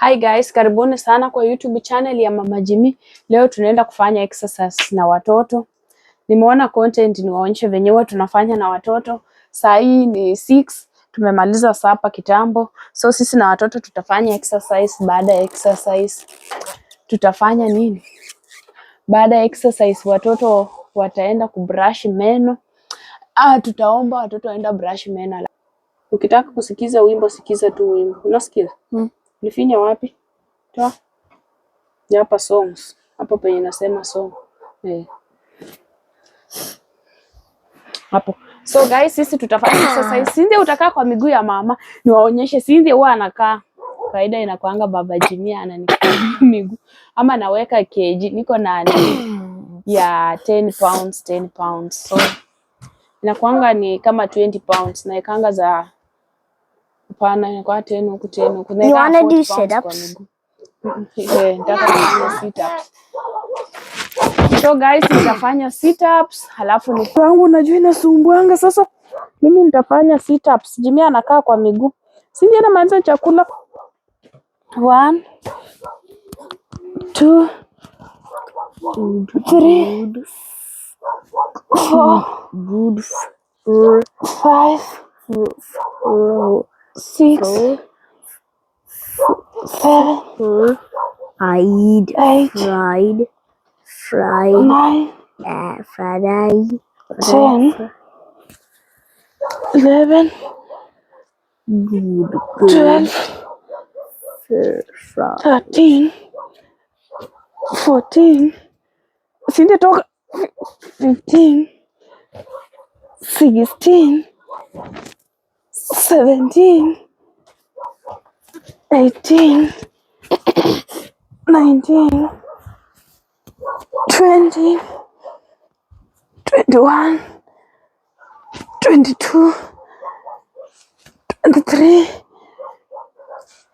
Hi guys, karibuni sana kwa YouTube channel ya Mama Jimmy. Leo tunaenda kufanya exercise na watoto. Nimeona content niwaonyeshe venye huwa tunafanya na watoto. Saa hii ni 6, tumemaliza sapa kitambo. So sisi na watoto tutafanya exercise baada ya exercise. Tutafanya nini? Baada ya exercise watoto wataenda kubrush meno. Ah, tutaomba watoto waenda brush meno. Ukitaka kusikiza wimbo sikiza tu wimbo. Unasikia? Mm. Nifinye wapi? Toa. Ni hapa songs. Hapo penye nasema song. Eh. Hapo. So guys, sisi tutafanya sasa. hivi. Sindi utakaa kwa miguu ya mama. Niwaonyeshe Sindi huwa anakaa. Kawaida inakuanga baba Jimmy ananikaa miguu. Ama naweka keji. Niko na ya 10 pounds, 10 pounds. So inakuanga ni kama 20 pounds. Naekanga za Hapana, kwa tena huku tena huku. You wanna do sit ups? Eh, nitafanya sit ups. So guys, nitafanya sit ups halafu ni kwangu, unajua inasumbuanga sasa. Mimi nitafanya sit ups. Jimmy anakaa kwa miguu. Sinje na maanza chakula. One, two, three, four, five, six, four, seven, four, fried, fried, nine, uh, Friday, good, good, twelve, thirteen, fourteen, see the dog, fifteen, sixteen. 17, 18, 19, 20, 21, 22, 23,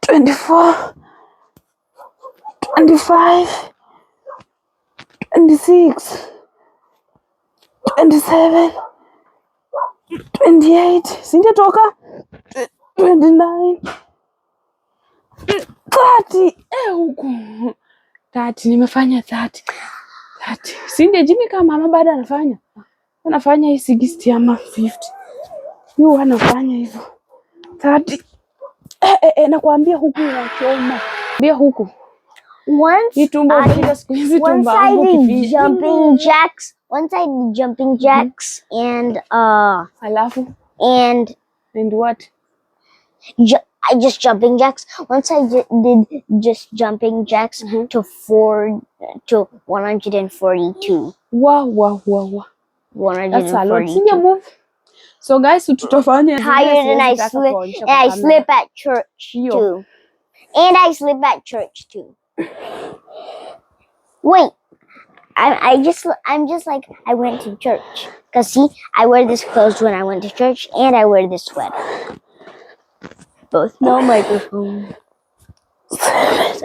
24, 25, 26, 27, 28 singetoka 29 30 eh, huku 30 nimefanya 30 30 jini kama mama bada anafanya anafanya hii 60 ama 50 Yuhu anafanya hivyo 30 eh, eh, eh, nakuambia huku ya inachoma, Bia huku once you I, squeeze once I did jumping mm-hmm. jacks once I did jumping mm-hmm. jacks mm -hmm. and uh I Alafu. and and what ju I just jumping jacks once I did just jumping jacks mm -hmm. to four to 142 wow wow wow wow 142 that's a lot See your move so guys so tutafanya tired and I slip and I slip at church too and I slip at church too Wait, I, I just I'm just like I went to church. Cause see, I wear this clothes when I went to church, and I wear this sweater. Both no microphone. so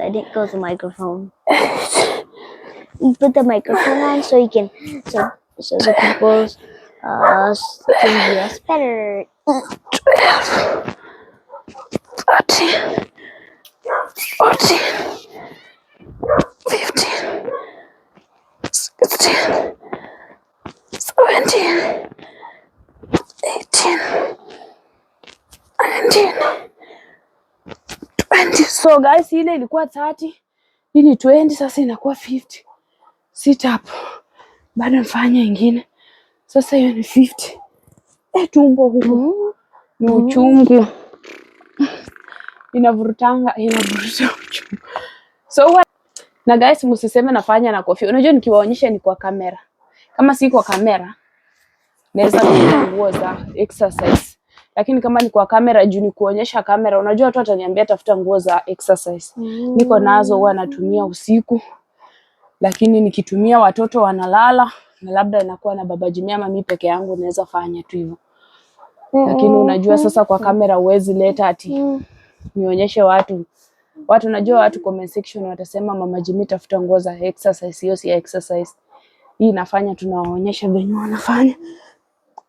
I didn't go to microphone. You put the microphone on so you can so so the people uh can hear us better. Oopsie. 16, 17, 18, 19, 20. So guys, ile ilikuwa 30, hii ni 20, sasa inakuwa 50. Sit up. Bado mfanye ingine. Sasa hiyo ni 50. E, eh, tumbo huu ni mm-hmm. uchungu. Inavurutanga, inavuruta uchungu. So na guys, msiseme nafanya na kofia. Unajua nikiwaonyesha ni kwa kamera. Kama si kwa kamera naweza nguo za exercise. Lakini kama ni kwa kamera juu ni kuonyesha kamera, unajua watu wataniambia tafuta nguo za exercise. Mm. Niko nazo huwa natumia usiku. Lakini nikitumia watoto wanalala na labda nakuwa na baba Jimmy ama mimi peke yangu naweza fanya tu hivyo. Lakini unajua sasa kwa kamera huwezi leta ati mm. nionyeshe watu Watu unajua watu comment section watasema Mama Jimmy tafuta nguo za exercise, hiyo si exercise. Hii inafanya tunawaonyesha venye wanafanya.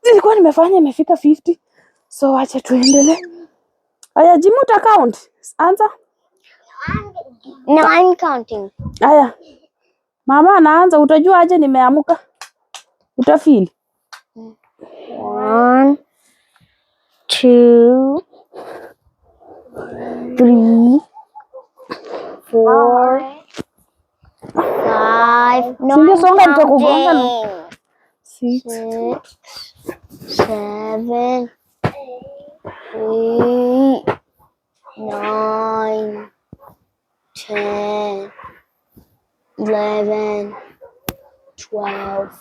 Nilikuwa nimefanya imefika 50. So acha tuendelee. Aya Jimmy uta count. Anza. No, I'm counting. Aya. Mama anaanza, utajua aje nimeamuka. Utafeel. One, two, three, four, five, no, Six, seven, eight, nine, ten, eleven, twelve,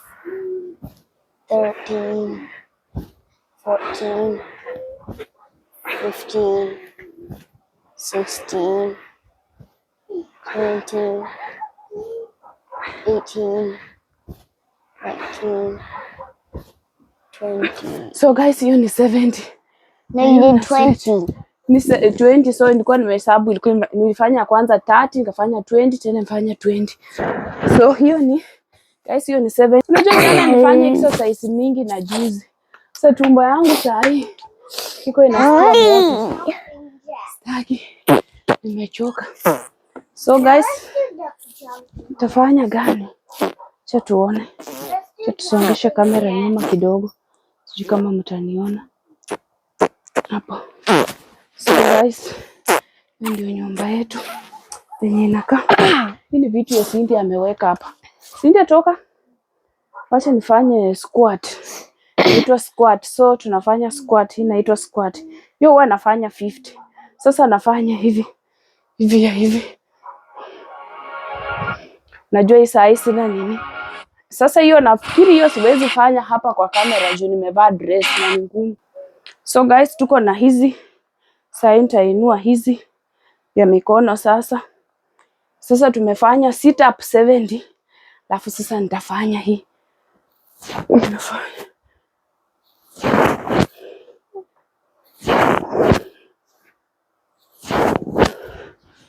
thirteen, fourteen, fifteen, sixteen. 19, 18, 19, 20. So guys, hiyo ni 70. No, you did 20. Ni 20, eh, so nilikuwa nimehesabu, ilikuwa nilifanya kwanza 30, nikafanya 20, tena nifanya 20. So hiyo ni guys, hiyo ni 7. Unajua jana nilifanya exercise mingi na juzi. Sasa tumbo yangu saa hii iko inasikia. Sitaki. Nimechoka. So guys, tafanya gani? Cha tuone, cha tusongeshe kamera nyuma kidogo, sijui kama mtaniona hapo. So guys, ndio nyumba yetu yenye inakaa. Hii ni vitu ya Cindy ameweka hapa. Cindy toka, wacha nifanye squat, inaitwa squat. So tunafanya squat, hii inaitwa squat. Yo, huwa nafanya 50 sasa nafanya hivi hivi ya hivi najua hii saa hii sina nini. Sasa hiyo nafikiri hiyo siwezi fanya hapa kwa kamera juu nimevaa dress na ni ngumu. So guys, tuko na hizi saa hii nitainua hizi ya mikono sasa. Sasa tumefanya sit up 70. Alafu sasa nitafanya hii. Nitafanya.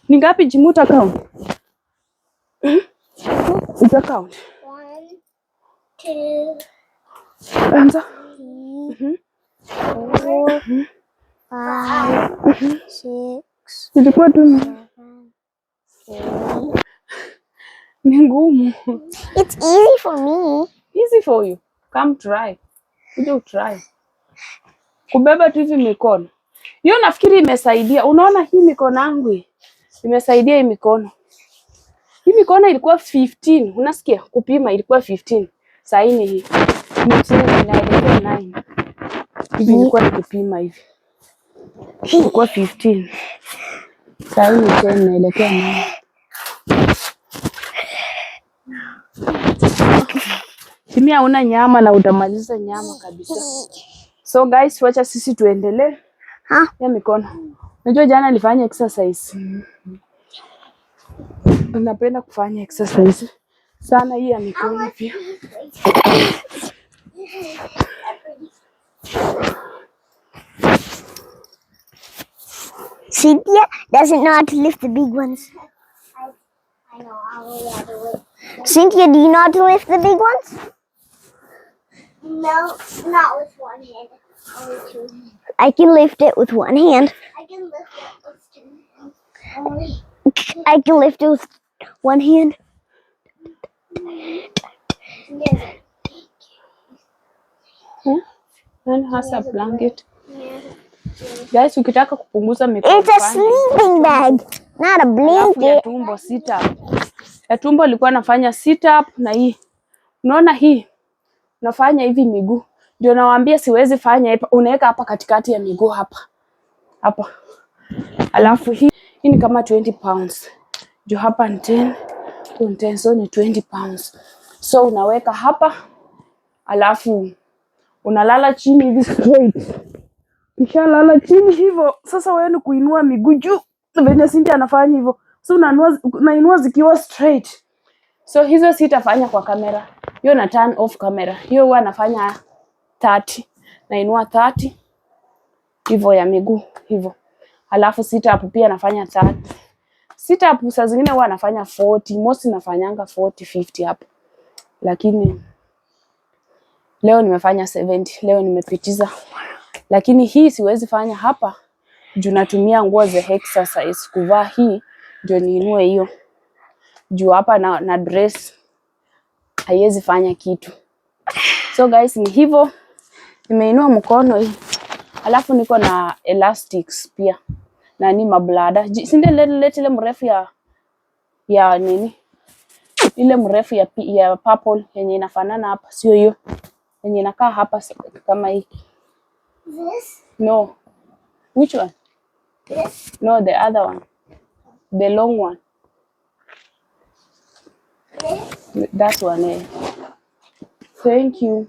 Ni ngapi jimuta kama? Uta count. One, two, anza. Ilikuwa tu ni ngumu. It's easy for me. Easy for you. Come try. Kuja utry kubeba tu hivi mikono. Hiyo nafikiri imesaidia. Unaona hii mikono yangu imesaidia hii mikono mimi kona ilikuwa 15. Unasikia? Kupima ilikuwa 15. Saa hii ni hii. Hivi ilikuwa nikupima hivi. Ilikuwa 15. Saa hii ni 10 naelekea nini? Mimi hauna nyama na utamaliza nyama kabisa. So guys, wacha sisi tuendelee. Ha? Ya mikono. Unajua jana nilifanya exercise. Mm -hmm. napenda kufanya exercise sana, hii ya mikono pia Cynthia doesn't know how to lift the big ones. Cynthia, do you know how to lift the big ones? No, not with one hand. Only two. hands. I can lift it with one hand. I can lift it with two hands. Only I can lift it with one hand. Hmm? Huh? has a blanket. Guys, ukitaka kupunguza mifupa. It's a sleeping bag, not a blanket. Ya tumbo sit up. Ya tumbo ilikuwa nafanya sit up na hii. Unaona hii? Nafanya hivi miguu. Ndio nawaambia siwezi fanya hapa. Unaweka hapa katikati ya miguu hapa. Hapa. Alafu hii hii ni kama 20 pounds. Juu hapa ni 10, ni 10, so ni 20 pounds. So unaweka hapa alafu unalala chini hivi straight. Kisha lala chini hivyo. Sasa wewe ni kuinua miguu juu. Venye Cynthia anafanya hivyo. So unainua zikiwa straight. So hizo sitafanya kwa kamera. Hiyo na turn off kamera. Hiyo huwa anafanya 30. Nainua 30 hivyo ya miguu hivyo. Alafu sit up pia nafanya 30. Sit up saa zingine huwa nafanya 40, most nafanyanga 40 50 hapo. Lakini leo nimefanya 70, leo nimepitiza. Lakini hii siwezi fanya hapa juu natumia nguo za exercise kuvaa, hii ndio niinue hiyo juu hapa na, na dress haiwezi fanya kitu. So guys, ni hivyo, nimeinua mkono hii Alafu niko na elastics pia nani mablada, si ndelete ile mrefu ya ya nini, ile mrefu ya, ya purple yenye inafanana hapa, sio hiyo yenye inakaa hapa kama hii. This? No. Which one? This? No, the other one. The long one. This? That one, eh. Thank you.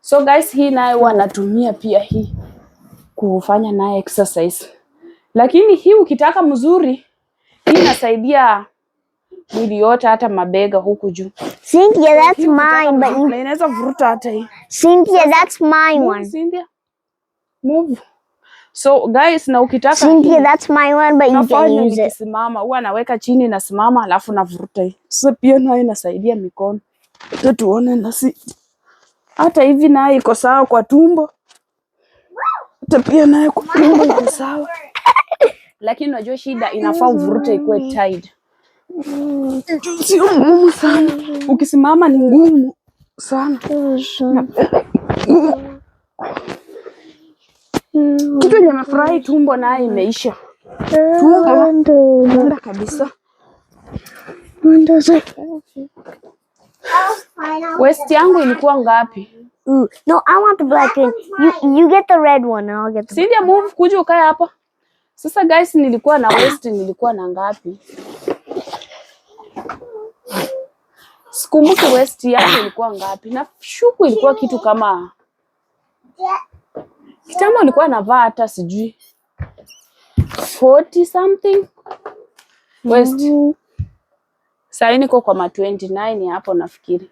So guys, hii nayo wanatumia pia hii kufanya naye exercise. Lakini hii ukitaka mzuri, hii inasaidia mwili yote, hata mabega huku juu. Cynthia, that's mine, but you... inaweza vuruta hata hii. Cynthia, that's my one. Cynthia, move. So guys, na ukitaka Cynthia, that's my one, but you can use it. Simama, huwa naweka chini na simama, alafu navuruta hii. So pia nayo inasaidia mikono. Tutuone nasi hata hivi nayo iko sawa kwa tumbo. Tapia naye ni sawa, lakini unajua shida inafaa uvurute ikuwe mm. tied. Mm. Sio ngumu sana, mm. ukisimama ni ngumu sana. Kitu yenye amefurahi tumbo naye imeisha, tumbo ah, kabisa. Westi yangu ilikuwa ngapi? Ooh. No, I want the black one. You, you get the red one and I'll get the Sindia, move kuja ukae hapa. Sasa guys, nilikuwa na waist nilikuwa na ngapi? Sikumbuki waist yake ilikuwa ngapi. Na shuku ilikuwa kitu kama kitambo nilikuwa navaa hata sijui 40 something waist. Mm -hmm. Sasa niko kwa ma 29 hapo nafikiri.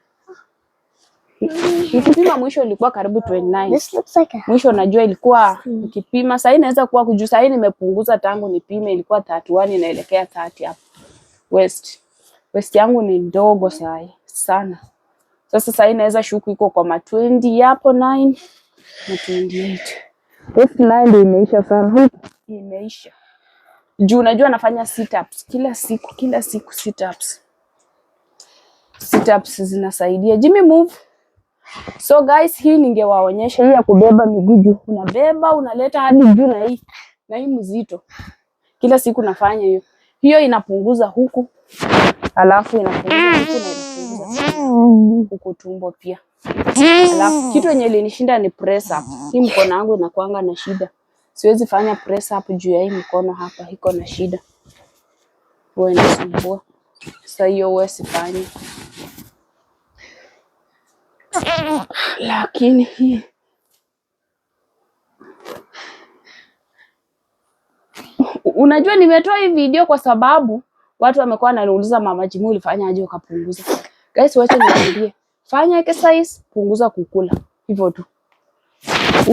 Nikipima mwisho ilikuwa karibu 29. mwisho najua ilikuwa hmm. nikipima sahii naweza kuwa kujuu sahii nimepunguza, tangu nipime ilikuwa 31 inaelekea 30 hapo. West west yangu ni ndogo sahii sana. Sasa sahii naweza shuku iko kwa ma 20 hapo 9 na 28. Hope 9 ndio imeisha sana. Imeisha. Juu unajua nafanya sit ups kila siku kila siku sit ups. Sit ups zinasaidia. Jimmy move. So guys, hii ningewaonyesha hii ya kubeba miguu juu, unabeba unaleta hadi juu, na hii na hii mzito, kila siku nafanya hiyo hiyo, inapunguza huku alafu inapunguza huku na inapunguza huku tumbo pia. Alafu kitu yenye ilinishinda ni press up. Hii mkono wangu inakuanga na shida, siwezi fanya press up juu ya hii mkono hapa iko na shida, huwa inasumbua. Sasa hiyo huwa sifanye lakini hii unajua, nimetoa hii video kwa sababu watu wamekuwa wananiuliza Mama Jimmy, ulifanya aje ukapunguza? Guys, wacha niambie, fanya exercise, punguza kukula, hivyo tu.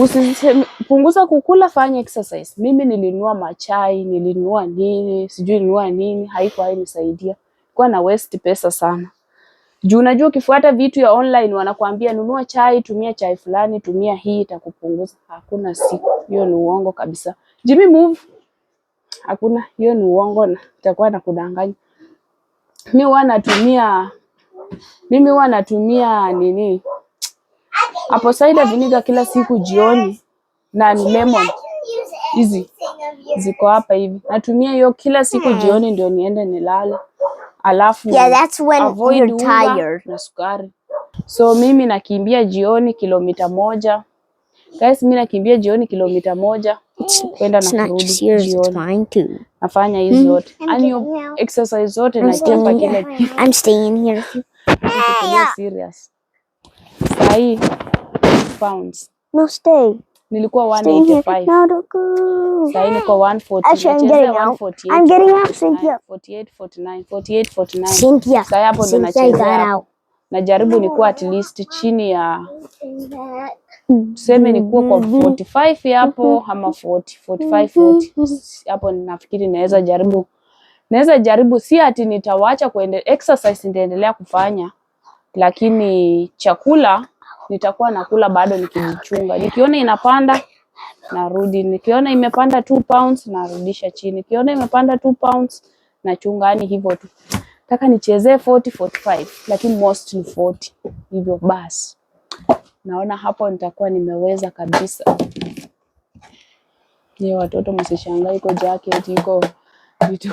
Usiseme punguza kukula, fanya exercise. Mimi nilinua machai, nilinua nini, sijui nilinua nini, haikuwa inisaidia kwa na waste pesa sana. Juu unajua ukifuata vitu ya online wanakuambia nunua chai, tumia chai fulani, tumia hii itakupunguza. Hakuna siku. Hiyo ni uongo kabisa. Jimmy move. Hakuna, hiyo ni uongo na itakuwa kudanganya. Mimi huwa natumia mimi huwa natumia nini? Hapo cider vinegar kila siku jioni na ni lemon. Hizi ziko hapa hivi. Natumia hiyo kila siku hmm. jioni ndio niende nilale alafu yeah, that's when you're tired. na sukari. So mimi nakimbia jioni kilomita moja guys, mimi nakimbia jioni kilomita moja kwenda na kurudi jioni, nafanya hmm? hizo zote And you exercise zote na kila kile. I'm staying here. Hey, Serious. Sahi pounds. No stay nilikuwa 185 sasa niko 148 sasa hapo ndo nachezea Najaribu nikuwa at least chini ya mm-hmm. tuseme nikuwa kwa 45 mm-hmm. hapo mm-hmm. ama 40 45 40 hapo, nafikiri naweza jaribu, naweza jaribu, si ati nitawacha kuende, exercise nitaendelea kufanya, lakini chakula nitakuwa nakula bado nikijichunga. Nikiona inapanda narudi, nikiona imepanda two pounds narudisha chini, nikiona imepanda two pounds nachunga. Yani hivyo tu, nataka nichezee 40 45, lakini most ni 40. Hivyo basi, naona hapo nitakuwa nimeweza kabisa. Ni watoto msishangaa iko jacket iko vitu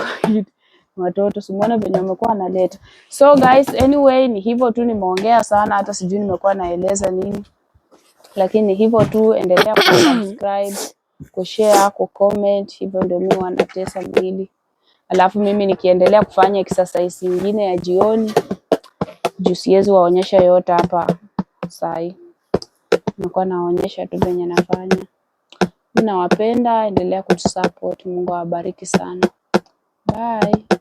watoto simuone venye wamekuwa analeta. So guys, anyway ni hivyo tu, nimeongea sana, hata sijui nimekuwa naeleza nini, lakini hivyo tu, endelea ku subscribe, ku share, ku comment. Hivyo ndio mimi wanatesa mbili, alafu mimi nikiendelea kufanya exercise nyingine ya jioni juu siwezi waonyesha yote hapa sahi, nakuwa naonyesha tu venye nafanya. Mimi nawapenda, endelea kutusupport. Mungu awabariki sana. Bye.